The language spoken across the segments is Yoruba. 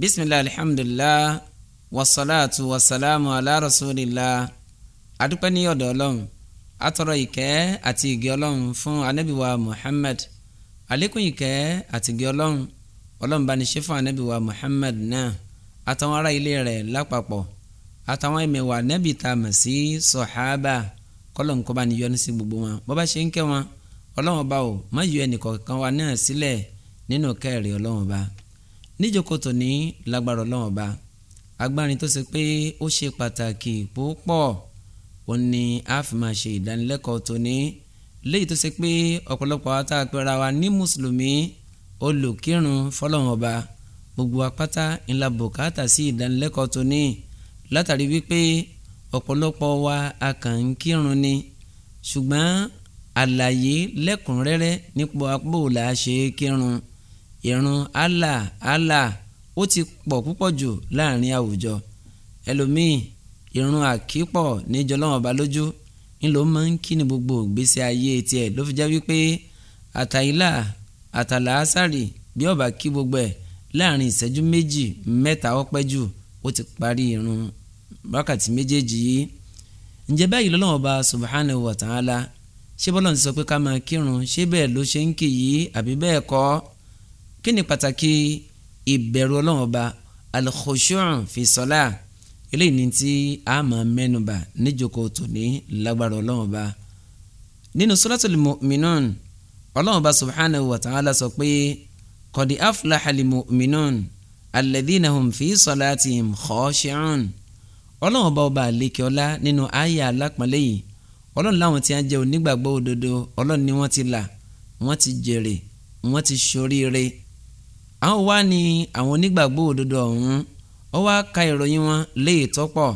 bisimilahi alhamdulilah wasalaatu wasalaamu ala rasulillah adúpẹ́ ní ọ̀dọ̀ ọlọ́run atọrọ ìkẹ́ àti ìgẹ́ ọlọ́run fún anabiwa muhammad àlékún ìkẹ́ àti ìgẹ́ ọlọ́run ọlọ́run bá ní ṣe fún anabiwa muhammad náà àtàwọn ará ilé rẹ̀ lápapọ̀ àtàwọn ẹ̀mẹ̀wà nẹ́bì tá a mọ̀ sí sọ̀hábà kọ́lọ́n kọ́ bá ní yọ́nú sí gbogbo wọn bọ́ ṣe ń kẹ́ wọn ọlọ́run ọba ò má yọ ẹnì kọ̀ọ̀kan wa náà sílẹ̀ nínú kẹ́ẹ̀rì ọlọ́run ọba níjókòó tòní lágbára ọlọ́run ba, agbárin tó ṣe pé ó ṣe pàtàkì púpọ̀ ó ní a fi máa ṣe ìdánilẹ́kọ̀ọ́ tòní léyìí tó ṣe pé ọ̀pọ̀lọpọ̀ ata àpẹẹrẹ wa ní mùsùlùmí olùkírun fọlọ́run ọba gbogbo apáta ńlá bùkátà sí ìdánilẹ́kọ̀ọ́ tòní látàrí wípé ọ̀pọ̀lọpọ̀ wa a ni ṣùgbọ́n àlàyé lẹ́kùnrẹ́rẹ́ nípa apò là ṣe é kírun ìrun allah allah ó ti pọ̀ púpọ̀ jù láàrin àwùjọ ẹlòmíì ìrun àkípọ̀ níjọ lọ́wọ́ ọba lójú ńlọ máa ń kí ni gbogbo ìgbésí ayé tiẹ̀ ló fi jẹ́ wípé àtàyílà àtàlàásàrì bí ọba kí gbogbo ẹ̀ láàrin ìṣẹ́jú méjì mẹ́ta ọpẹ́ jù ó ti parí ìrun wákàtí méjèèjì yìí ǹjẹ́ báyìí lọ́wọ́ ọba subhanahu wa ta'ala ṣé bọ́lá ń sọ pé ká máa kírun ṣé bẹ́ẹ̀ ló ṣe ń kì yìí àbí bẹ́ẹ̀ kọ́ ọ́ kí ni pàtàkì ìbẹ̀rù ọlọ́run ọba al-khushu' fi salah eléyìí ni tí a máa mẹ́nuba níjókòó tòní lágbára ọlọ́run ọba nínú suratul mu'minun ọlọ́run ọba subhanahu wa ta'ala sọ pé qad aflaha al-mu'minun alladhina hum fi salatihim khashi'un ọlọ́run ọba ọba àlekè ọlá nínú àyà alápọ̀nlé yìí ọlọ́run láwọn tí a jẹ́ onígbàgbọ́ òdodo ọlọ́run ni wọ́n ti là wọ́n ti jèrè wọ́n ti ṣoríire àwọn wá ní àwọn onígbàgbọ́ òdodo ọ̀hún ó wá ka ìròyìn wọn léè tọ́pọ̀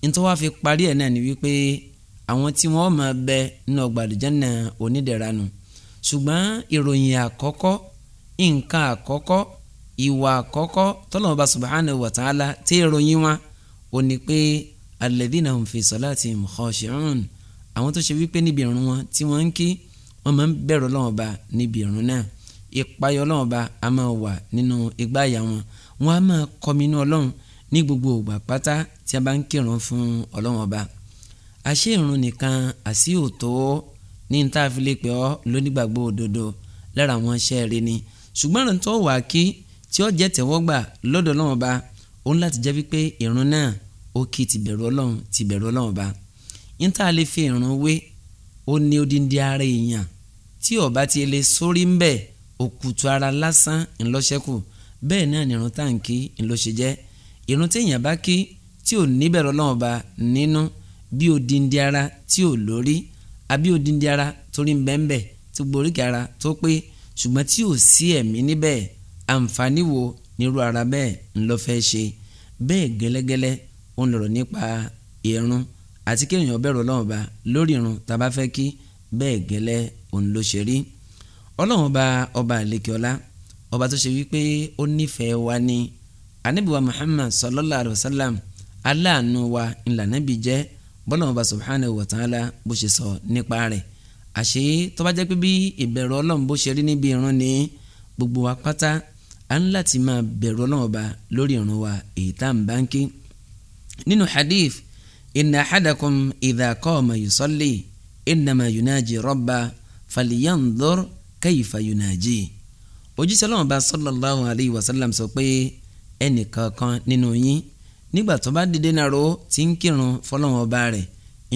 nítorí wá fi parí ẹ̀ náà ni wípé àwọn tí wọ́n máa bẹ nínú ọgbà àlùjánnà onídẹ̀ranù ṣùgbọ́n ìròyìn àkọ́kọ́ nǹkan àkọ́kọ́ ìwà àkọ́kọ́ tọ́lọ́mọba subhanahu wa ta'ala tí ìròyìn wọn ò ní pé alladhina hum fi salatihim khashi'un àwọn tó ṣe wípé níbi ìrun wọn tí wọ́n ń kí wọ́n máa ń bẹ̀rù Ọlọ́hun níbi ìrun náà ìpayọ Ọlọ́run ba a máa wà nínú igbá àyà wọn wọn a máa kọminú Ọlọ́run ní gbogbo ògbà pátá tí a bá ń kírun fún Ọlọ́run ọba àṣé ìrun nìkan àṣì òtó ní n táà fi lè pè ọ́ lónígbàgbọ́ òdodo lára àwọn iṣẹ́ rẹ ni ṣùgbọ́n ìrun tó wà kí tí ó jẹ́ tẹ̀wọ́gbà lọ́dọ̀ Ọlọ́run ọba òun láti jẹ́ wípé ìrun náà ó kí ti bẹ̀rù Ọlọ́run ti bẹ̀rù Ọlọ́run ọba n lè fi ìrun wé ó ní odindi ara èèyàn tí ó ti lè sórí ń bẹ́ẹ̀ òkùtù ara lásán ńlọ́ṣẹ́kù bẹ́ẹ̀ náà nìrun táǹkì ńlọ́ṣẹ́ jẹ́ ìrun téèyàn bá kí tí ò níbẹ̀rẹ̀ ọlọ́run ba nínú bí odindi ara tí ò lórí àbí odindi ara torí bẹ́ẹ̀nbẹ́ẹ̀ tí gboríkì ara tó pé ṣùgbọ́n tí ò sí ẹ̀mí níbẹ̀ àǹfààní wo nírú ara bẹ́ẹ̀ ńlọ́fẹ́ ṣe bẹ́ẹ̀ gẹ́lẹ́gẹ́lẹ́ ó ń lọ̀rọ̀ nípa irun àti kéèyàn bẹ̀rẹ̀ ọlọ́run ba lórí irun tá a bá fẹ́ kí bẹ́ẹ̀ gẹ́lẹ́ òun ọlọ́run ọba ọba àlekèọ́lá ọba tó ṣe wípé ó nífẹ̀ẹ́ wa ni anabiwa muhammad sallallahu alayhi wa sallam aláàánú wa ńlànàbí jẹ́ bọ́lọ́run ọba subhanahu wa ta'ala bó ṣe sọ nípa rẹ̀ àṣé tó bá jẹ́ pé bí ìbẹ̀rù ọlọ́run bó ṣe rí níbi ìrun ni gbogbo wa pátá à ń láti máa bẹ̀rù ọlọ́run ọba lórí ìrun wa èyí tá à báńkì nínú hadith inna ahadakum idha qama yusalli innama yunaji rabba falyanzur kayfa yunaji òjíṣẹ́ ọlọ́run bá sallallahu alayhi wa sallam sọ pé ẹnìkankan nínú yín nígbà tó bá dìde nàró tí ń kírun fọlọ́run ọba rẹ̀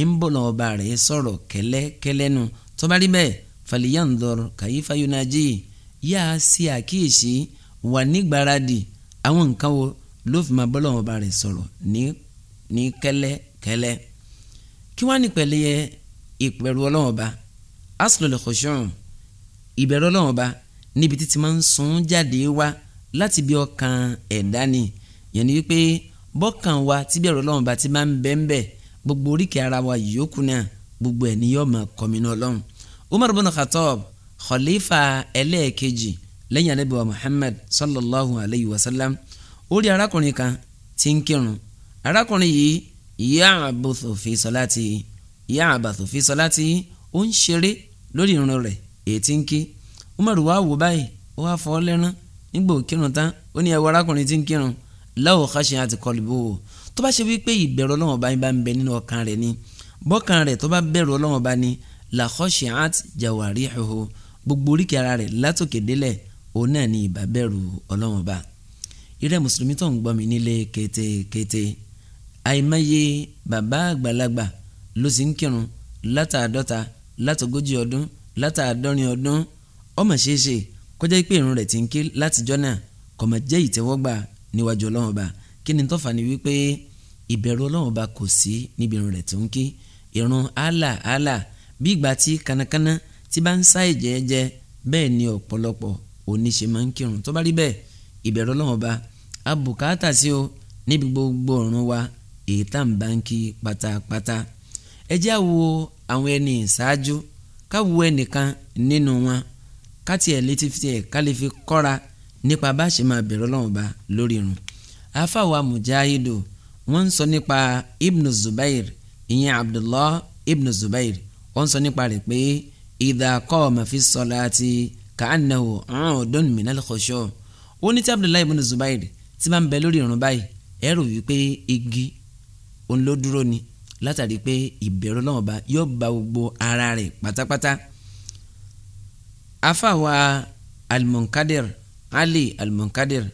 ń bọ̀ lọ́wọ́ ọba rẹ̀ sọ̀rọ̀ kẹ́lẹ́kẹ́lẹ́ nu tó bá rí bẹ́ẹ̀ falyanzur kayfa yunaji yá a ṣe àkíyèsí wà nígbàradì àwọn nǹkan wo ló fi máa bọ́ lọ́wọ́ ọba rẹ̀ sọ̀rọ̀ ní kẹ́lẹ́kẹ́lẹ́ kí wọ́n á ní pẹ̀lẹ́ ìpẹ̀rù ìbẹ̀rù ọlọ́run ọba níbi títí máa ń sun jáde wá láti bí ọkàn ẹ̀dá ni yẹn ni wípé bọ́kàn wa tí bẹ̀rù ọlọ́run ọba ti máa ń bẹ́ ń bẹ́ gbogbo oríkèé ara wa yòókù náà gbogbo ẹ̀ ni yóò máa kọ́mínú ọlọ́run Umar bin Khattab khalifa ẹlẹ́ẹ̀kejì lẹ́yìn anabi wa Muhammad sallallahu alayhi wa sallam ó rí arákùnrin kan tí ń kírun arákùnrin yìí ya'buthu fi salati ya'buthu fi salati ó ń ṣeré lórí irun rẹ̀ ètí ń ké umaru wá wò báyìí ó wá fọ́ lẹ́rán nígbà òkírun tán ó ní ẹwọ arákùnrin tí ń kírun láwọ kásìn àti kọlùbó o tó bá ṣe wípé ìbẹ̀rù Ọlọ́hun bá ń bá ń bẹ nínú ọkàn rẹ̀ ni bọ́kàn rẹ̀ tó bá bẹ̀rù Ọlọ́hun bá ní làkọ́ṣìn àti jawarihu gbogbo oríkèé ara rẹ̀ látòkè délẹ̀ òun náà ni ìbá bẹ̀rù Ọlọ́hun bá irẹ́ mùsùlùmí tó ń gbọ́ mi nílé kétékété àìmọye bàbá àgbàlagbà ló sì ń kírun látàádọ́ta látògójì ọdún látàádọ́rin ọdún ọmọ ṣeéṣe kọjá pé irun rẹ̀ ti ń ké látijọ́ náà kò mà jẹ́ ìtẹ́wọ́gbà níwájú ọlọ́run ọba kí ni tọ́fà ni wípé ìbẹ̀rù ọlọ́run ọba kò sí níbi irun rẹ̀ tó ń ké irun àlà àlà bí ìgbà tí kanakana ti bá ń sá ẹ̀jẹ̀ ẹ̀jẹ̀ bẹ́ẹ̀ ni ọ̀pọ̀lọpọ̀ oníṣe máa ń kírun tó bá rí bẹ́ẹ̀ ìbẹ̀rù ọlọ́run ọba abùkátà sí o níbi gbogbo ọ̀run wa èyí tá à ń bá ń kí pátápátá ẹ àwo àwọn ẹni ìṣáájú káwo ẹnìkan nínú wọn káti ẹ̀ létí fi ẹ̀ ká lè fi kọ́ra nípa bá ṣe máa bẹ̀rẹ̀ ọlọ́run ba lórí irun afáwa mujahidu wọ́n ń sọ nípa ibn zubair ìyẹn abdullah ibn zubair wọ́n ń sọ nípa rẹ̀ pé idha qama fi salati ka'annahu udun minal khushu' wọ́n ní tí abdullah ibn zubair ti máa ń bẹ lórí irun báyìí ẹ̀rù wípé igi òun ló dúró ni látàrí pé ìbẹ̀rù Ọlọ́run bá yóò ba gbogbo ara rẹ̀ pátápátá afáwa almunkadir ali almunkadir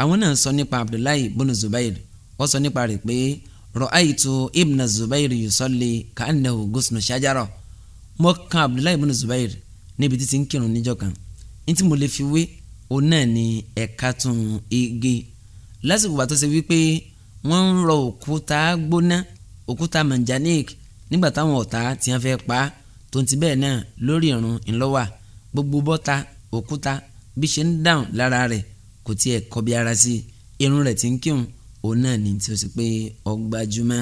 àwọn náà sọ nípa abdullahi bunu zubair wọ́n sọ nípa rẹ̀ pé rọ́àyìtú ibna zubair yusolli ka'annahu gusnu shajaro mo kan abdullahi bunu zubair níbi títí ń kírun níjọ́ kan ní tí mo lè fi wé òun náà ni ẹ̀ka tún igi lásìkò bàtọ́ ṣe wípé wọ́n ń rọ òkúta gbóná òkúta manjanik nígbà táwọn ọ̀tá tí wọ́n fẹ́ pa á tó ti bẹ́ẹ̀ náà lórí ìrun ńlọ́wà gbogbo bọ́ta òkúta bí ṣe ń dáhùn lára rẹ̀ kò tiẹ̀ kọbi ara sí irun rẹ̀ ti ń kírun òun náà ní tí o sì pé ọgbàjúmọ́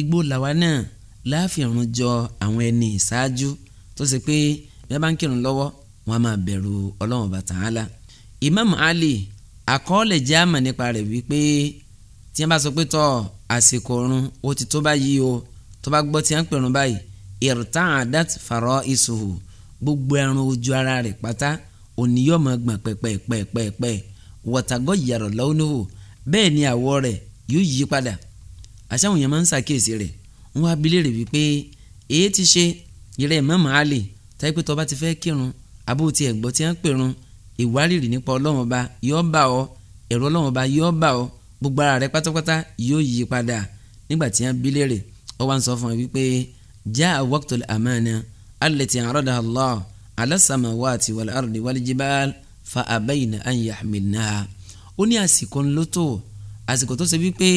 igbó làwa náà láàfihàn jọ àwọn ẹni ìṣáájú tó sì pé bí wọ́n bá ń kírun lọ́wọ́ wọ́n á máa bẹ̀rù Ọlọ́run Ọba Ta'ala Imam Ali àkọọ́lẹ̀ jẹ́ àmà nípa rẹ̀ wípé tí wọ́n bá sọ pé tọ́ àsìkò ọ̀run ó ti tó báyìí o tó bá gbọ́ tí wọ́n ń pèrún báyìí ìrìtàn àdàt fàrọ̀ ìṣòwò gbogbo ẹran ojú ara rẹ̀ pátá òní yóò máa gbọ̀n pẹ̀pẹ̀pẹ̀pẹ̀ wọ̀tàgọ́ yàrá lọ́wọ́ bẹ́ẹ̀ ni àwọ̀ rẹ̀ yóò yí padà àṣàwọn èèyàn máa ń ṣàkíyèsí rẹ̀ ń wá abilé rẹ̀ wípé èyí ti ṣe ìrẹ́ mọ́mọ́ àlè táyé pé tó bá ti fẹ́ kírun abó ti ẹ̀gbọ́ tí wọ́n pèrun ìwárìrì nípa ọlọ́run ọba yóò gbogbo ara rẹ pátápátá yóò yí padà nígbà tí wọn bí léèrè ó wá ń sọ fún ẹ wípé jaa waqtul amana allati aradaha Allah ala samawati wal ardi wal jibal fa abayna an yahmilnaha ó ní àsìkò ńlọ́tò àsìkò tó ṣe wípé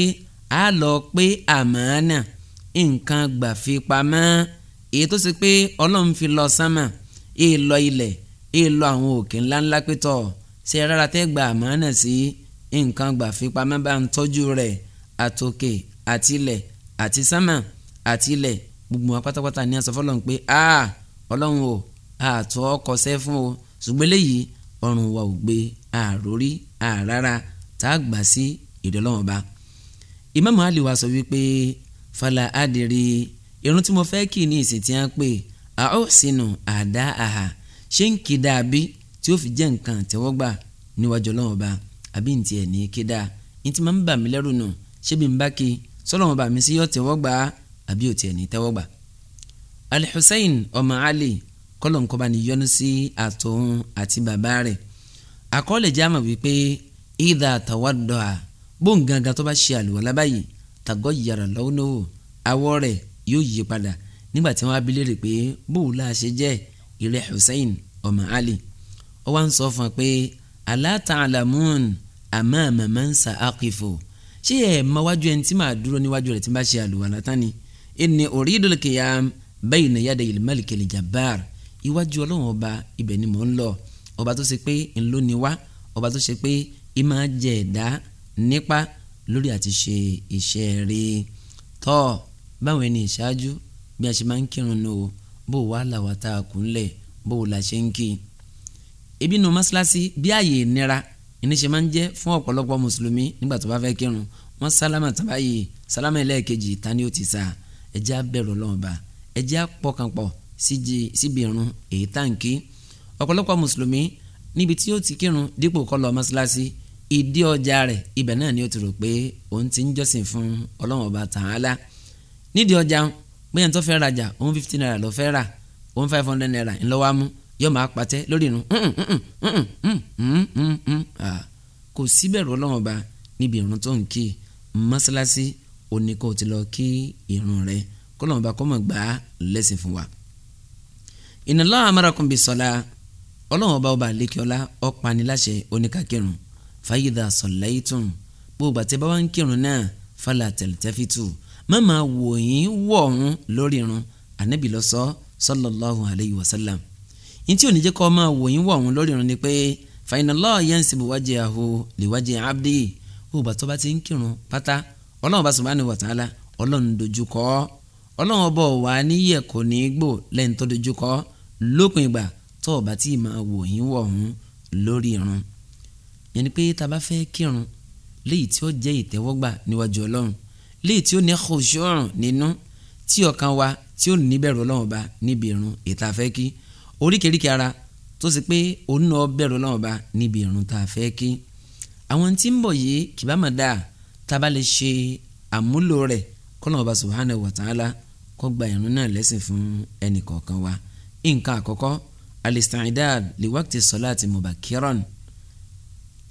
a lọ pé àmàna nǹkan gbà fi pamọ́ èyí tó ṣe pé ọlọ́run fi lọ sánmà èyí ilẹ̀ èyí àwọn òkè ńláńlá pé ṣe rárá tẹ́ gba àmàna sí i nǹkan gbà fipamọ́ bá ń tọ́jú rẹ̀ àtòkè àtilẹ̀ àti sánmà àtilẹ̀ gbogbo wọn pátápátá ní asọ́fọ́ ọlọ́run pé a ọlọ́run o àtọ́ kọsẹ́ fún o ṣùgbọ́n eléyìí ọrùn wa ò gbé àròrí àràrà tá a gbà sí ìdọ́lọ́wọ́n ba Imam Ali wa sọ wípé fala adìrí irun tí mo fẹ́ kì í ní ìsìn tí wọ́n pè a ó sínú àdá àhà ṣé ń kí dàbí tí ó fi jẹ́ nǹkan àtẹ́wọ́gbà níwájú ọlọ́wọ́n ba àbí ntí ẹ̀ ní kí dáa ntí máa ń bà mí lẹ́rù nù ṣé bí bá kí sọ́lọ́ wọn bà mí sí yọ̀ tẹ́wọ́ àbí ò tiẹ̀ ní tẹ́wọ́ gbà. Al-Hussein ọmọ Ali kọ́lọ̀ ń kọ́ba ní yọ́nú sí àtòun àti bàbá rẹ̀ àkọọ́lẹ̀ jáàmù wípé ìdá àtàwádọ́à bóńgàgà tó bá ṣe àlùwàlá báyìí tàgọ́ yàrá lọ́wọ́lọ́wọ́ awọ́ rẹ̀ yóò yí padà nígbà tí wọ́n á pé bóòlá ṣe jẹ́ ìrẹ́ Hussein ọmọ Ali ó wá ń sọ fún wa pé alátàlámùn amama man sa'aqifu ṣé ẹ̀ mọ wájú ẹni tí màá dúró níwájú rẹ̀ tí n bá ṣe àlùwàlá tán ni inni uridul qiyam bayna yadayil malikil jabbar iwájú ọlọ́run ọba ibẹ̀ ni mò ń lọ ọba tó ṣe pé ńlọ ni wá ọba tó ṣe pé ìmọ̀ jẹ ẹ̀dá nípa lórí àti ṣe iṣẹ́ rí tọ́ báwọn ẹni ìṣáájú bí a ṣe máa ń kírun ní o bó o wá tá a kù ńlẹ̀ bó o là ṣe ń kí. ebi nu mọ́ṣáláṣí bí ààyè ìnira ìníṣe máa ń jẹ́ fún ọ̀pọ̀lọpọ̀ mùsùlùmí nígbà tó bá fẹ́ kírun wọ́n sálámà tán báyìí sálámà ẹlẹ́ẹ̀kejì ta ni ó ti sá ẹjẹ́ abẹ́rù ọlọ́run bá ẹjẹ́ apọ̀kànpọ̀ síbi irun èyí táǹkì ọ̀pọ̀lọpọ̀ mùsùlùmí níbi tí ó ti kírun dípò kó lọ mọ́ṣáláṣí ìdí ọjà rẹ̀ ibẹ̀ náà ni ó ti rò pé òun ti ń jọ́sìn fún ọlọ́run ọba tààlà nídìí ọjà naira ló fẹ́ five hundred naira ńlọ́wọ́ á yóò máa patẹ́ lórí irun kò síbẹ̀rù ọlọ́run ọba níbi irun tó ń kí mọ́sálásí òní kò ti lọ kí irun rẹ kọ́lọ́run ọba kọ́ mọ̀ gbà á lẹ́sìn fún wa. Inna Allah amarakum bis-sala ọlọ́run ọba ọba àlékiọ́lá ọ̀pániláṣẹ oníkàkírun fàyídà sallaytum gbogbo àti bá wà ń kírun náà fàlà taltafitu mọ́mọ́ wòyìn wọ̀ ọ̀hún lórí irun ànábì ló sọ sallallahu alayhi wa yín tí ò ní jẹ́ kọ́ máa wò yín wọ̀ ọ̀hún lórí ìrun ni pé fainallah yansibu wajhahu liwajhi abdi ògbà tó bá ti ń kírun pátá ọlọ́run bá subhanahu wa ta'ala ọlọ́run dojúkọ ọlọ́run ọbọ̀ wà níyẹ̀ kò ní í gbò lẹ́yìn tó dojúkọ lópin ìgbà tó o bá tí máa wò yín wọ̀ ọ̀hún lórí ìrun yẹn ni pé tá a bá fẹ́ kírun léyìí tí ó jẹ́ ìtẹ́wọ́gbà níwájú ọlọ́run léyìí tí ó ní khushu' nínú tí ọkàn wa tí ó níbẹ̀rù ọlọ́run ọba níbi ìrun ìtafẹ́ kí oríkèéríkèé ara tó ṣe pé òun náà bẹ̀rù Ọlọ́run Ọba níbi ìrun tá a fẹ́ kí àwọn tí ń bọ̀ yìí kìbá mà dáa tá a bá lè ṣe àmúlò rẹ̀ kọ́nà Ọba subhanahu wa ta'ala kó gba ìrun náà lẹ́sìn fún ẹnì kọ̀ọ̀kan wa nǹkan àkọ́kọ́ alistaidad liwakti sọláàtì mubakiran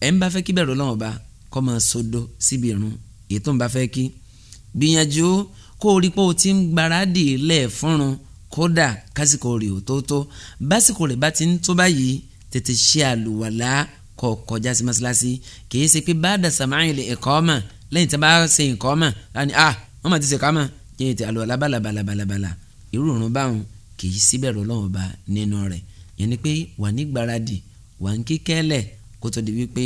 ẹ̀ ń bá fẹ́ kí bẹ̀rù Ọlọ́run Ọba máa sodo síbi ìrun èyí tó ń bá fẹ́ kí gbìyànjú kó o rí pé o ti ń gbaradì lẹ́ẹ̀ fúnrun kódà kásìkò rẹ̀ ò tó tó básìkò rẹ̀ bá ti ń tó báyìí tètè ṣe àlùwàlá kó kọjá sí mọ́ṣáláṣí kìí ṣe pé báàdà sàmáyìn lè ẹ̀kọ́ mà lẹ́yìn tí a bá ṣe nǹkan mà láni à wọ́n mà ti ṣe kámà kí ni ti àlùwàlá bàlàbàlàbàlà irú òrùn báwọn kìí síbẹ̀rù ọlọ́run ọba nínú rẹ̀ yẹn ni pé wà ní gbáradì wà ń kíkẹ́lẹ̀ kó tó di wípé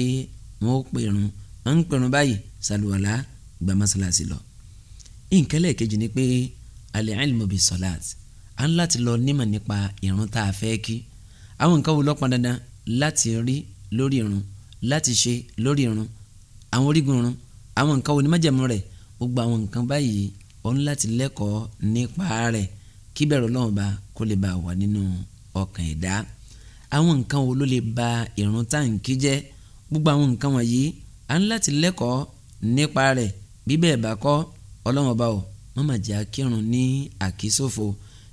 wọ́n ó pèrún wọ́n ń pèrún báyìí sàlùwàlá gba mọ́ṣáláṣí lọ. ìǹkẹ́lẹ̀ kejì ni pé al-ilmu bi salat à ń láti lọ nímọ̀ nípa ìrun tá a fẹ́ kí àwọn nǹkan wo ló pọn dandan láti rí lórí ìrun láti ṣe lórí ìrun àwọn orígun ìrun àwọn nǹkan wo ni májẹ̀mú rẹ̀ gbogbo àwọn nǹkan báyìí ó ń láti lẹ́kọ̀ọ́ nípa rẹ̀ kí bẹ̀rù Ọlọ́run bá kó lè bá wà nínú ọkàn ẹ̀dá àwọn nǹkan wo ló lè ba ìrun táǹkì jẹ́ gbogbo àwọn nǹkan wọ̀nyí à ń láti lẹ́kọ̀ọ́ nípa rẹ̀ bí bẹ́ẹ̀ bá kọ́ Ọlọ́run bá ò má mà akírun ní àkísòfò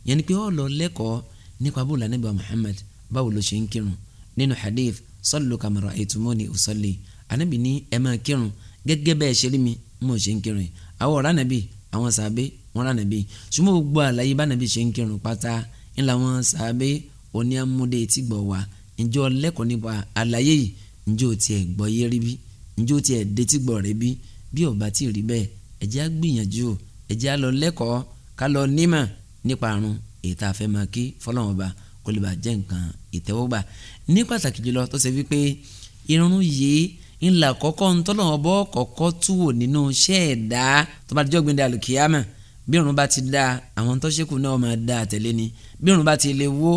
yẹn ni pé ó lọ lẹ́kọ̀ọ́ nípa bó la Ànábì Muhammad báwo ló ṣe ń kírun nínú hadith sallu kama ra'aytumuni usalli Ànábì ní ẹ máa kírun gẹ́gẹ́ bẹ́ẹ̀ ṣe rí mi n ò ṣe ń kírun àwọn ọ̀rá nàbì àwọn sàbẹ̀ wọn rà nàbì ṣùgbọ́n gbogbo àlàyé bá nàbì ṣe ń kírun pátá ńlá wọn sàbẹ̀ òní amúdé ti gbọ̀ wá ǹjọ́ lẹ́kọ̀ọ́ nípa àlàyé yìí ǹjọ́ tiẹ̀ gbọ́ yé bí ǹjọ́ tiẹ̀ nípa àrùn ètò àfẹ́mọ́ kí fọlọ́wọ́n ba kó lè bá jẹ́ nǹkan ìtẹ́wọ́gbà ní pàtàkì jùlọ tó ṣe wípé irun yìí ńlá kọ́kọ́ ń tọ́lọ̀ ọbọ̀ kọ́kọ́ túwò nínú iṣẹ́ ẹ̀dá tó bá dijọ́ gbẹ̀ndẹ̀ àlùkìyàmà bí irun bá ti da àwọn tó ṣẹ́kù náà máa da àtẹ̀lé ni bí irun bá ti lè wó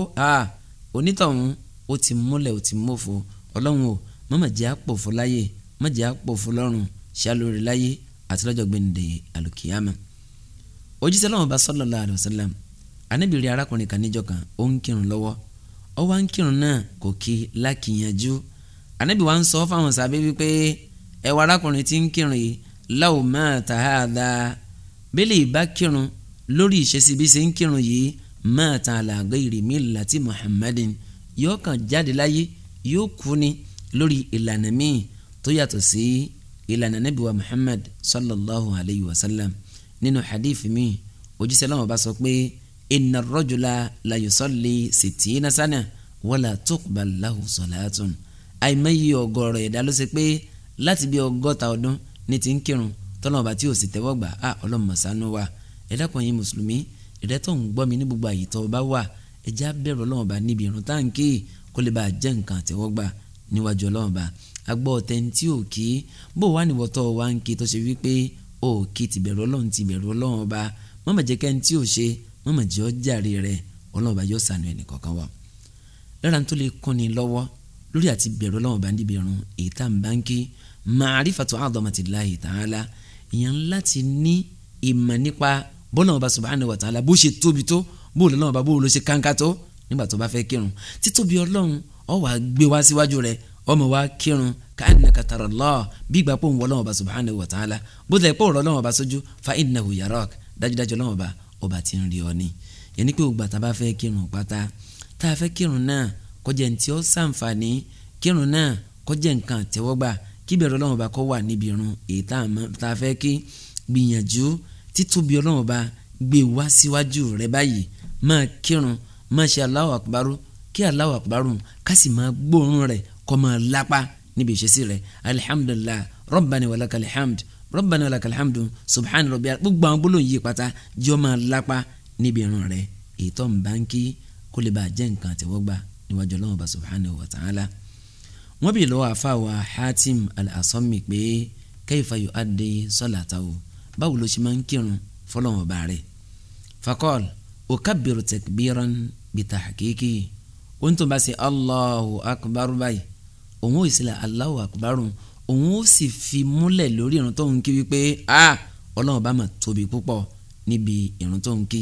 onítọ̀hún ó ti múlẹ̀ ó ti mọ̀fọ́ ọlọ́run o mọ̀mọ̀ jẹ́ àpòfó láyé mọ̀jẹ́ àpòfó lọ́run ṣálórí láyé àti lọ́jọ́ gbẹ̀ndẹ̀ àlùkìyàmà òjíṣẹ́ lọ́wọ́ bá sallallahu alaihi wasallam anábìrì arákùnrin kan níjọ́ kan ó ń kírun lọ́wọ́ ó wá ń kírun náà kò kí lákìyànjú anábì wa ń sọ fáwọn sábẹ́ wípé ẹ wọ arákùnrin tí ń kírun yìí láwù máa tà á da bẹ́lẹ̀ ìbá kírun lórí ìṣesí bí ṣe ń kírun yìí máa tà á ìrìmí láti muhammadin yóò kàn jáde láyé yóò kú ni lórí ìlànà míì tó yàtọ̀ sí ìlànà nábì wa muhammad sallallahu alayhi wa sallam nínú hadith mi òjíṣẹ́ lọ́wọ́ bá sọ pé inna ar-rajula la yusalli sittina sana wala tuqbal lahu salatun àìmọye ọ̀gọ̀rọ̀ ẹ̀dá ló ṣe pé láti bí ọgọ́ta ọdún ní ti ń kírun tọ́lọ́ ọba tí ò sì tẹ́wọ́ gbà á ah, ọlọ́mọ sánú wa ẹ̀dá kan yín mùsùlùmí ẹ̀dá tó ń gbọ́ mi ní gbogbo àyè tó bá wà ẹ̀já bẹ̀rù ọlọ́mọba níbi ìrun táǹkì kó òkè tìbẹ̀rù ọlọ́run tìbẹ̀rù ọlọ́run ọba mọ́mọ́ jẹ́ kẹ́ni tí ò ṣe mọ́mọ́ jẹ́ ọ́ jàre rẹ̀ ọlọ́run ọba yóò sànù ẹnì kọ̀ọ̀kan wa lára tó lè kún ni lọ́wọ́ lórí àti bẹ̀rù ọlọ́run ọba níbi irun èyí tá à ń bá ń kí ma'rifatu azamatillahi ta'ala ìyẹn láti ní ìmọ̀ nípa bọ́lá ọba subhanahu wa ta'ala bó ṣe tóbi tó bó lọ́wọ́ ọba bó ló ṣe kánká tó nígbà tó bá fẹ́ kírun títóbi ọlọ́run ó wá gbé ọmọ wa kírun ka'annaka tara Allah bí ìgbà pò ń wọ Ọlọ́hun bá subhanahu wa ta'ala bó tilẹ̀ pò ń rọ Ọlọ́hun bá sójú fa innahu yarak dájúdájú Ọlọ́hun bá ọba ti ń rí ọ ní. yẹn ni pé ògbà tá a bá fẹ́ kírun pátá tá a fẹ́ kírun náà kọjá ntí ó sàǹfààní kírun náà kọjá nǹkan àtẹ́wọ́gbà kíbẹ̀rẹ̀ Ọlọ́hun bá kọ́ wà níbi irun èyí tá a fẹ́ kí gbìyànjú kọ́ máa lápá níbi ìṣesí rẹ̀ alihamdulilah rabbani walakal hamd rabbani walakal hamd subhani rabbi gbogbo àwọn gbólóhùn yìí pátá jọ máa lápá níbi irun rẹ̀ ètò nbànkì kó lè bá jẹ́ nǹkan àtẹ̀wọ́gbà níwájú ọlọ́run bá subhanahu wa ta'ala wọ́n bí lọ́wọ́ àfàwà hatim al-asọ́mi pé kayfa yu'addi salatahu báwo ló ṣe máa ń kírun fọlọ́wọ́n bá rẹ̀ fakọ́l ukabbiru takbiran bitahqiqi ó ń tún bá ṣe allahu akbar báyìí òun ò sì la Allahu akbarun òun ó sì fi múlẹ̀ lórí irun tó ń kí wípé a ọlọ́run bá mà tóbi púpọ̀ níbi irun tó ń kí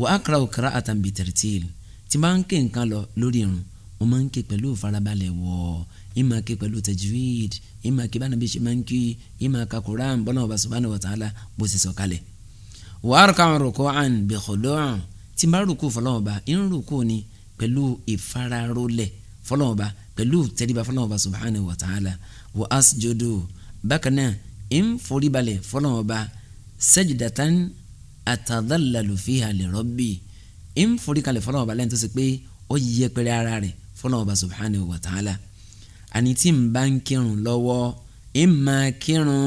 wa akra'u qira'atan bi tartil tí máa ń ké nǹkan lọ lórí irun mo máa ń ké pẹ̀lú ìfarabalẹ̀ wọ̀ ìmọ̀ ké pẹ̀lú tajwid ìmọ̀ ké bánabi ṣe máa ń kí ìmọ̀ ka Qur'an ọba subhanahu wa ta'ala bó ṣe sọ̀kalẹ̀ wa arka'u ruku'an bi khudu' tí máa rúkú fọlọ́wọ́ba ń rúkú ni pẹ̀lú ìfararólẹ̀ fọlọ́wọ́ba pẹ̀lú tẹríba fọlọ́wọ́n ọba subhanahu wa ta'ala wa asjudu bákan náà ń forí balẹ̀ fọlọ́wọ́n ọba sajdatan atadhallalu fiha li rabbi ń forí kalẹ̀ fọlọ́wọ́n ọba lẹ́yìn tó ṣe pé ó yẹ pẹ̀lú ara rẹ̀ fọlọ́wọ́n ọba subhanahu wa ta'ala àní tí ń bá ń kírun lọ́wọ́ ń máa kírun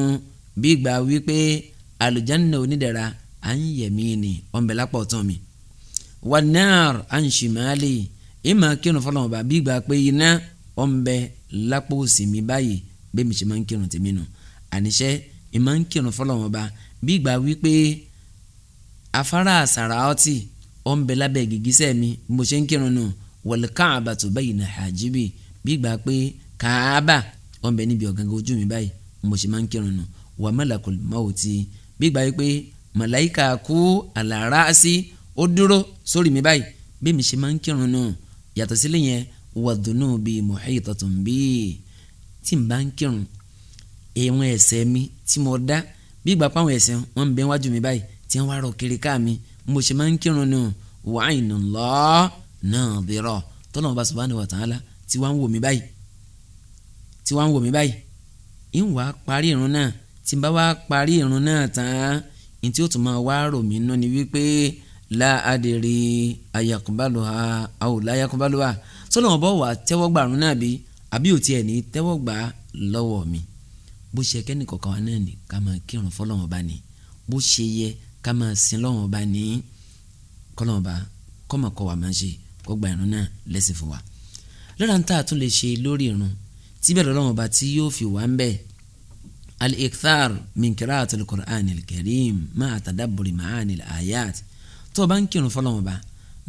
bí gbà wípé àlùjánnà onídẹ̀ra à ń yẹ̀mí ni ọ̀nbẹ̀lápọ̀ tán mi wà náà à ń ṣì máa lè ń máa kírun bí gbà pé iná ó ń bẹ lápò òsì mi báyìí bẹ́ẹ̀ mi ṣe máa ń kírun tèmi nù àníṣe ìmọ̀ ń kírun fọlọ́wọ́n ba bí ìgbà wípé afárá àsàrà ọtí ó ń bẹ lábẹ́ gìgísẹ̀ mi mo ṣe ń kírun nù wọ̀lẹ̀ káàbà báyìí nà hàjíbì bí ìgbà pé káàbà ó ń bẹ níbi ọ̀gángan ojú mi báyìí mo ṣe máa ń kírun nù wà mọ́làkùn mọ́wò tí bí ìgbà wípé màláìka kú àlàárá sí ó dúró sórí mi báyìí bí mi ṣe máa ń kírun nù yàtọ̀ sílẹ̀ yẹn wàdùnú bíi muhitatun bíi tí n bá ń kírun èèwọ̀n ẹ̀ṣẹ̀ mi tí mo dá bí ìgbà pàwọn ẹ̀ṣẹ̀ wọn ń bẹ wájú mi báyìí tí wọ́n wá rọ kiri ká mi mo ṣe máa ń kírun nù wa aynullah nadira tọ́lọ́mù bá subhanahu wa ta'ala tí wọ́n ń wò mí báyìí tí wọ́n ń wò mí báyìí ń wá parí irun náà tí n bá wá parí irun náà tán ní tí ó tún máa wá rò mí nú ni wípé la adri ayakubaluha aw la yakubaluha sọlọ́wọ́n bọ̀ wá tẹ́wọ́ gbà rún náà bí àbí ò tiẹ̀ ní tẹ́wọ́ gbà lọ́wọ́ mi bó ṣe kẹ́ni kọ̀ọ̀kan wa náà ní ká máa kírun fọlọ́wọ́n bá ní bó ṣe yẹ ká máa sin lọ́wọ́n bá ní kọ́lọ́wọ́n bá kọ́mọ̀kọ́ wa máa ṣe kó gba irun náà lẹ́sìn fún wa lọ́la ń tà tún lè ṣe lórí irun tíbẹ̀ lọ́wọ́n bá tí yóò fi wá ń bẹ̀ al-ikthar min qira'atil Qur'anil Karim ma'a tadabburi ma'anil ayat tó o bá ń kírun fọlọ́wọ́n bá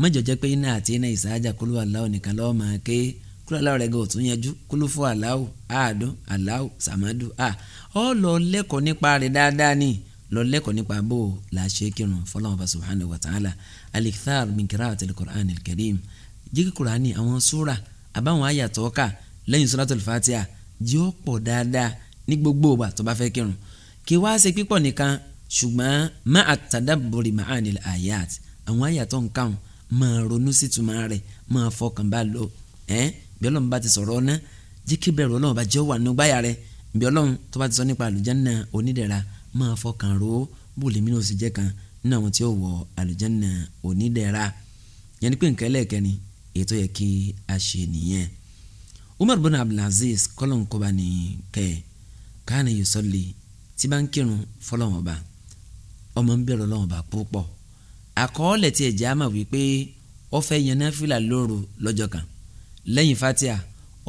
mọ́jọ́jẹ́ pé iná àti iná ìsáájà kúlú aláwò nìkan lọ́wọ́ máa ké kúlú aláwò rẹ̀ gan òtún yẹjú kúlú fún aláwò àádùn aláwò sàmádù à ọ lọ lẹ́kọ̀ọ́ nípa rẹ̀ dáadáa ni lọ lẹ́kọ̀ọ́ nípa bó o là ṣe kírun fọlọ́wọ́n bá subhanahu wa ta'ala alikthar min qira'ati al-Qur'an al-Karim jíkí kùránì àwọn súra àbáwọn àyà tọ́ka lẹ́yìn suratul Fatiha jí ó pọ̀ dáadáa ní gbogbo ìgbà tó bá fẹ́ kírun kí wá ṣe pípọ̀ nìkan ṣùgbọ́n má àtàdàbòrì ma'anil ayat àwọn àyà tó ń káwọn máa ronú sí ìtumọ̀ rẹ̀ máa fọkàn bá lọ ẹ́ bí ọlọ́run bá ti sọ̀rọ̀ ọ̀nà jẹ́ kí bẹ̀rù ọlọ́run bá jẹ́ wà ní gbáyà rẹ̀ bí ọlọ́run tó bá ti sọ nípa àlùjáná onídẹ̀ra máa fọkàn ro bóòlì mí náà sì jẹ́ kan nínú àwọn tí ó wọ àlùjáná onídẹ̀ra yẹn ni pé nǹkan ẹlẹ́ẹ̀kẹrin ètò yẹ kí a ṣe nìyẹn Umar bin Abdulaziz kọ́lọ́n kọba ní kẹ́ káàní yusolli tí bá ń kírun fọlọ́wọ́n ọba ọmọ ń bẹ̀rù ọlọ́wọ́n ọba púpọ̀ àkọọ́lẹ̀ tí ẹ̀já mà wípé ó fẹ́ yan náfìlà lóru lọ́jọ́ kan lẹ́yìn fatia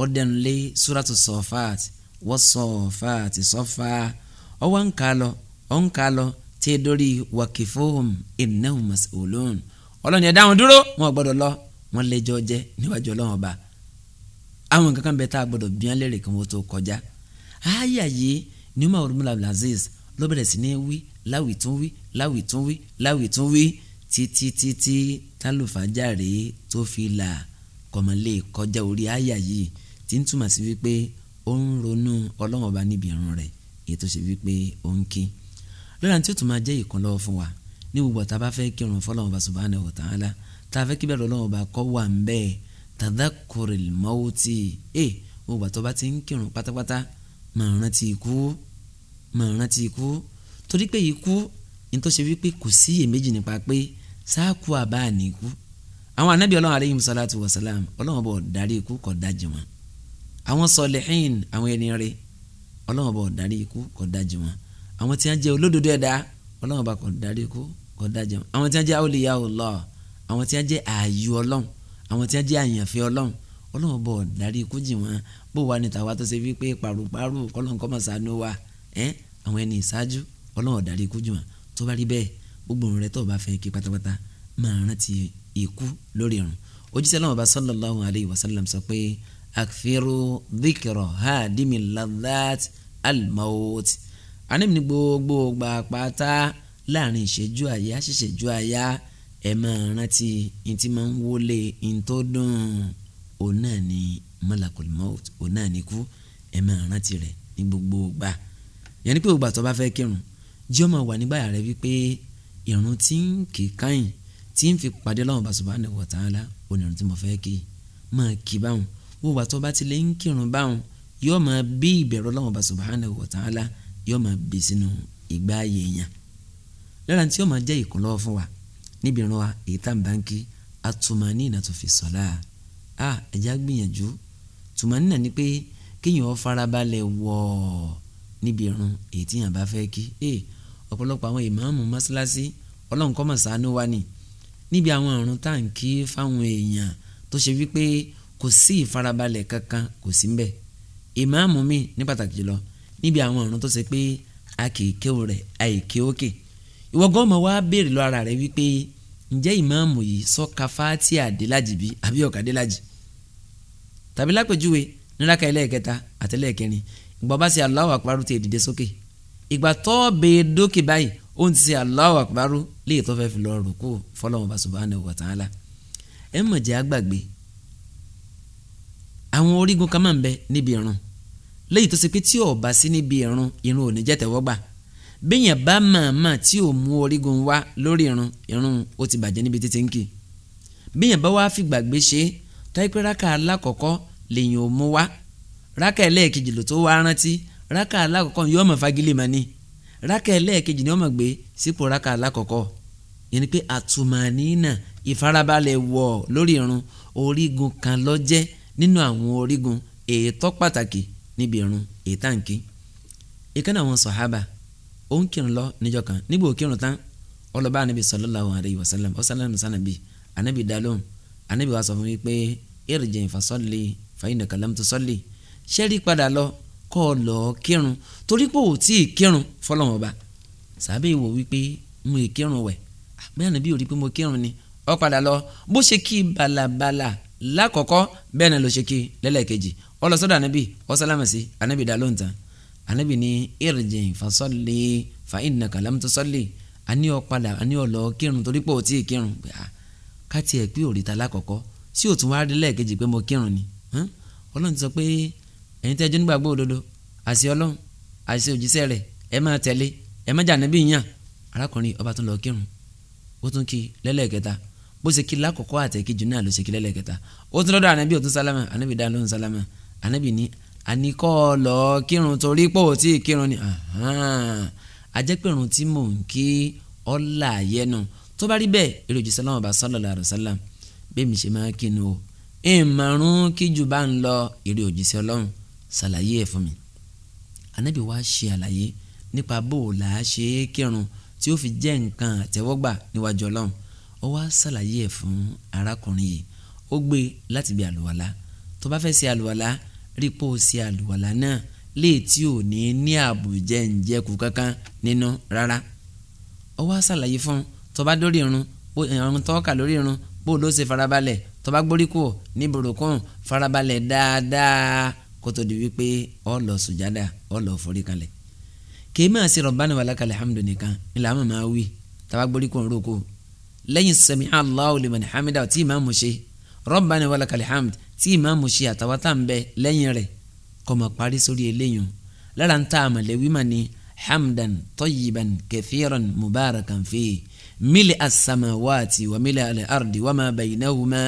ó dẹnu lé suratu sọfàt wọ́n sọfàt sọfà ó wá ń kà lọ ó ń kà lọ tí dórí wàkìfóhùn ìnáwó mas'ulun ọlọ́ni ẹ̀dá wọn dúró wọn ò gbọ́dọ̀ lọ wọn lẹ́jọ́ jẹ́ níwájú ọlọ́wọ́n ọba àwọn kankan bẹ tá a gbọ́dọ̀ bí wọn lérè kí wọn tó kọjá ààyè àyè ni umar abdulaziz ló bẹ̀rẹ̀ sí ní wí láwìtúnwí láwìtúnwí láwìtúnwí láwìtúnwí títí títí tálùfájàre tó fi là kọ̀mọ́lé kọjá orí àyà yìí tí ń túmọ̀ sí wípé ó ń ronú ọlọ́run ọba níbi ìrun rẹ̀ èyí tó ṣe wípé ó ń kí lọ́la tí ó tún máa jẹ́ ìkan lọ́wọ́ fún wa ní gbogbo tá a bá fẹ́ kírun fọlọ́run ọba subhanahu wa ta'ala tá a fẹ́ kí bẹ́ẹ̀ lọ́wọ́ ọba kọ́ wà ń bẹ́ẹ̀ tadhakuril mawti ẹ̀ gbogbo àtọ́ bá ti ń kírun pátápátá máa rántí ikú máa rántí ikú torí pé ikú nítorí ṣe wípé kò sí iyèméjì nípa pé sáàkú àbá àníkú àwọn anábì ọlọ́run aleyhim salatu wa salam ọlọ́run bọ̀ darí ikú kọ̀ dájú wọn àwọn sọlẹ̀hìn àwọn ẹni rẹ ọlọ́run bọ̀ darí ikú kọ̀ dájú wọn àwọn tí wọ́n jẹ́ olódodo ẹ̀dá ọlọ́run bá kọ̀ darí ikú kọ̀ dájú wọn àwọn tí wọ́n jẹ́ awliya Allah àwọn tí wọ́n jẹ́ ààyò ọlọ́run àwọn tí wọ́n jẹ́ àyànfẹ́ ọlọ́run ọlọ́run bọ̀ darí ikú jì wọn bó wà ní tàwa tó ṣe wípé paru paru kọ́lọ́n kọ́ mọ̀ wa ẹ́ àwọn ẹni ìṣáájú ọlọ́run darí ikú jì wọn tó bá rí bẹ́ẹ̀ gbogbo òun rẹ tó bá fẹ́ kí pátápátá máa rántí ikú lórí irun òjíṣẹ́ náà bá sallallahu alayhi wa sallam sọ pé akfiru dhikra hadimi ladhat almaut anim ni gbogbo gba pátá láàrin ìṣẹ́jú àyà ṣíṣẹ́jú àyà ẹ máa rántí ntí máa ń wọlé ntọ́dún òun náà ni malakul maut òun náà ni kú ẹ máa rántí rẹ̀ ní gbogbo gbà yẹn ni pé gbogbo àtọ́ bá fẹ́ kírun jẹ́ ọmọ wà nígbà rẹ wípé ìrun tí ń kì í káyìn tí ń fi pàdé Ọlọ́run bá subhanahu wa ta'ala onírun tí mo fẹ́ kí máa kí báwọn wọ́n wà tó bá ti lè ń kírun báwọn yóò máa bí ìbẹ̀rù Ọlọ́run bá subhanahu wa ta'ala yóò máa bí sínú ìgbà ayé yẹn lára tí yóò máa jẹ́ ìkúnlọ́ fún wa níbi ìrun wa èyí tá à ń bá ń kí atumani náà tó fi sọ̀lá a ẹ̀já gbìyànjú tumani náà ni pé kéèyàn farabalẹ̀ wọ̀ níbi ìrun èyí tí yàn bá fẹ́ kí ọ̀pọ̀lọpọ̀ àwọn ìmáàmù mọ́ṣáláṣí ọlọ́run kọ́ mọ̀sánú wa ni níbi àwọn àrùn táǹkì fáwọn èèyàn tó ṣe wípé kò sí ìfarabalẹ̀ kankan kò sí mbẹ̀ ìmáàmù mi ní pàtàkì jùlọ níbi àwọn àrùn tó ṣe pé a kì í kéwò rẹ̀ a ì ké òkè ìwọ gọ́ọ̀mọ̀ wá béèrè lọ ara rẹ̀ wípé ǹjẹ́ ìmáàmù yìí sọ́ka fáátì àdélájì bí àbí ọ̀kà délájì tàbí lápèjúwe níláka ẹlẹ́ẹ̀kẹta àtẹlẹ́ẹ̀kẹrin ìgbọ́ ìgbà tó bèè dókè báyìí ó ń ti ṣe Allahu Akbar léyìí tó fẹ́ẹ́ fi lọ rùkú fọlọ́wọ́n bá subhanahu wa ta'ala ẹ mọ̀ jẹ́ àgbàgbé àwọn orígun kan máa ń bẹ níbi ìrun léyìí tó ṣe pé tí ò bá sí níbi ìrun ìrun ò ní jẹ́ tẹ̀wọ́gbà bẹ́yìn bá màmá tí ò mú orígun wá lórí ìrun ìrun ó ti bàjẹ́ níbi títí ń kì bẹ́yìn bá wá fi gbàgbé ṣe tọ́ pé rákà alákọ̀ọ́kọ́ lèyìn ò mú wá rákà ẹlẹ́ẹ̀kejì ló tó wá rántí rákà alákọ̀ọ́kọ́ yóò máa fagilé máa ní rákà ẹlẹ́ẹ̀kejì ni wọ́n máa gbé sípò rákà alákọ̀ọ́kọ́ yẹn ni pé àtùmánínà ìfarabalẹ̀ wọ̀ lórí irun orígun kan ló jẹ́ nínú àwọn orígun ètò pàtàkì níbi irun ètàǹkì ìkan àwọn sọ̀hábà ó ń kírun lọ níjọ́ kan nígbà òkírun tán ó anabi sallallahu alayhi wa sallam ó sálẹ̀ sànàbì anabi dá lóhùn anabi wa sọ fún mi pé irji fasalli fa innaka lam tusalli ṣẹ́rí padà lọ kọ́ ọ lọ́ọ́ kírun torí pé ò tí ì kírun fọlọ́wọn ọba sàbẹ̀ ìwò wípé mo è kírun wẹ̀ ah, bẹ́ẹ̀ ni bí o rí pé mo kírun ni ọ padà lọ bó ṣe kí balabala lákọ̀ọ́kọ́ bẹ́ẹ̀ ni ló ṣe kí lẹ́lẹ́kejì ọ lọ sọ́dọ̀ ànábì ọ sálámà sí ànábì dá lóhùn tán ní irjin fasalli fa innaka lam tusalli àní ọ padà àní ọ lọ kírun torí pé ò ah, tí ì kírun káti ẹ̀ pé òrìta lákọ̀ọ́kọ́ sí òtún wá rí lẹ́ẹ̀kejì pé mo kírun ni ọlọ́run ti sọ pé ẹ̀yin tẹ́jú nígbàgbọ́ òdodo àṣẹ ọlọ́run àṣẹ òjíṣẹ́ rẹ̀ ẹ máa tẹ̀lé ẹ má jàǹdà bí yàn arákùnrin ọba tó lọ kírun ó tún kí lẹ́lẹ́kẹta bó ṣe kí lákọ̀ọ́kọ́ àtẹ̀kejì náà ló ṣe kí lẹ́lẹ́kẹta ó tún lọ́dọ̀ ànábì ó sálámà ànábì dá lóhùn sálámà ànábì ní àníkọ́ lọ kírun torí pò tí kírun ni ajẹ́pẹ̀rún tí mò ń kí ọ̀là yẹnu tó bá rí bẹ́ẹ̀ èrè òjíṣẹ́ láwọn ọba sallallahu alaihi wasallam bẹ́ẹ̀ mi ṣe máa kí nu o ìmọ̀rún kíjù bá ń lọ èrè òjíṣẹ́ ọlọ́run ṣàlàyé ẹ̀ fún mi anabi wa ṣe àlàyé nípa bó o là á ṣe é kírun tí ó fi jẹ́ nǹkan àtẹ́wọ́gbà níwájú ọlọ́run ó wá ṣàlàyé ẹ̀ fún arákùnrin yìí ó gbé láti bí àlùwàlá tó bá fẹ́ ṣe àlùwàlá rí pò ṣe àlùwàlá náà léè tí ò ní ní àbùjẹ ǹjẹkù kankan nínú rárá ó wá ṣàlàyé fún tó bá dórí irun irun tó kà lórí irun bó ló ṣe farabalẹ̀ tó bá gbórí kù ní burúkún farabalẹ̀ dáadáa kó tó di wípé ó lọ sùjádà ó lọ forí kalẹ̀ kèé máa ṣe Rabbana walakal hamdu nìkan ńlá àmọ́ máa wí tàbá gbórí kò ń roko lẹ́yìn sami Allahu liman hamida tí ìmáàmù ṣe Rabbana walakal hamd tí ìmáàmù ṣe àtàwọn tá à ń bẹ lẹ́yìn rẹ̀ kó máa parí sórí eléyìí lára ń tà àmàlẹ́wí mà ní hamdan tayyiban kathiran mubarakan fihi ملء السماوات وملء الأرض وما بينهما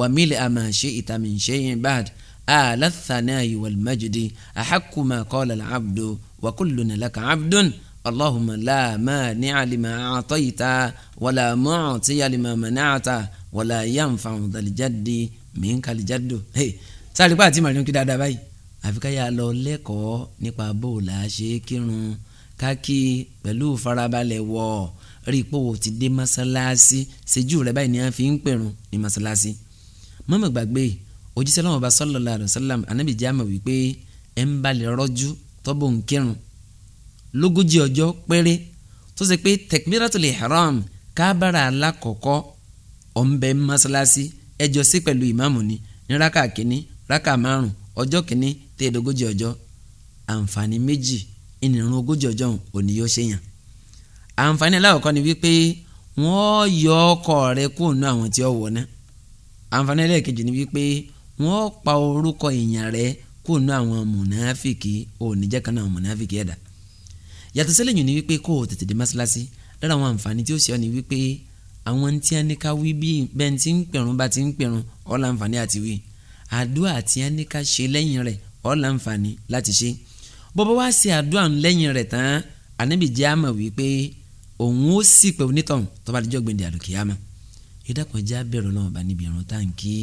وملء ما شئت من شيء بعد ala ath-thana'i wal-majdi ahaqqu ma qala al-'abdu wa kulluna laka 'abdun allahumma la mani'a lima a'tayta wala mu'tiya lima mana'ta wala yanfa'u dhal-jaddi minka al-jaddu sáré pa àti màrín kí dáadáa báyìí àfi ká yà lọ lẹ́kọ̀ọ́ nípa bóòlà ṣe kírun káàkì pẹ̀lú farabalẹ̀ wọ rí ipò wò ti dé mọ́sálásí ṣèjú rẹ̀ báyìí ni a fi ń pèrún ní mọ́sálásí mọ́mọ́ gbàgbé yìí òjíṣẹ́ lọ́wọ́ bá sallallahu alaihi wasallam anábì jáàmù wípé ẹ̀ ń balẹ̀ rọ́jú tọ́bọ̀ ń kírun lógójì ọjọ́ péré tó ṣe pé takbiratul ihram kábàrà alákọ̀ọ́kọ́ ọ̀nbẹ mọ́ṣáláṣí ẹjọ́ sí pẹ̀lú ìmáàmù ni ní rákà kínní rákà márùn ọjọ́ kínní tẹ́ẹ̀dógójì ọjọ́ àǹfààní méjì ìnìrún ogójì ọjọ́ òní yóò ṣe yàn àǹfààní aláwọ̀kọ́ ni wípé wọ́n yọ ọkọ̀ rẹ kúrò àwọn tí ó wọ̀ ná àǹfààní ẹlẹ́ẹ̀kejì ni wípé wọ́n pa orúkọ èèyàn rẹ̀ kó nu àwọn mùnáfìkì òníjẹ́ kan náà mùnáfìkì ẹ̀dá yàtọ̀ sílẹ̀ yìí ni wípé kó o tètè dé mọ́ṣáláṣí lára àwọn àǹfààní tí ó ṣe ọ́ ni wípé àwọn tí a ní ká wí bí bẹ́ẹ̀ tí ń pẹ̀rùn bá ti ń pẹ̀rùn ó láǹfààní àti wí àdúrà tí a ní ká ṣe lẹ́yìn rẹ̀ ó láǹfààní láti ṣe bọ́bá wá ṣe àdúrà lẹ́yìn rẹ̀ tán ànábì jẹ́ àmọ̀ wípé òun ó sì pẹ̀lú nítàn tó bá dijọ́ gbèndé àlùkìyàmọ̀ ìdàkùnjẹ́ abẹ́rẹ́ ọlọ́run bá níbi ìrún táǹkì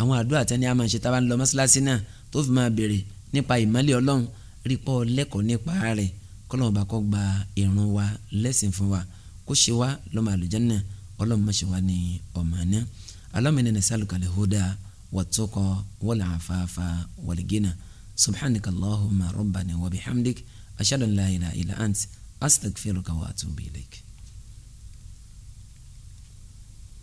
àwọn àdúrà tẹ́ni a máa ṣe tá a bá ń lọ mọ́ṣáláṣí náà tó fi máa béèrè nípa ìmọ́lẹ̀ ọlọ́run rí pọ́ lẹ́kọ̀ọ́ nípa rẹ̀ kọ́lọ́run bá kọ́ gba ìrun wa lẹ́sìn fún wa kó ṣe wá lọ́mọ àlùjánnà ọlọ́run má ṣe ní ọmọ náà alámìnira ní sálùkàlẹ̀ hódà wàtúkọ̀ wọlé àfààfà wọlé gínà subhanaka allahumma rabbani wa bihamdik ashhadu an la ant astaghfiruka wa atubu ilayk.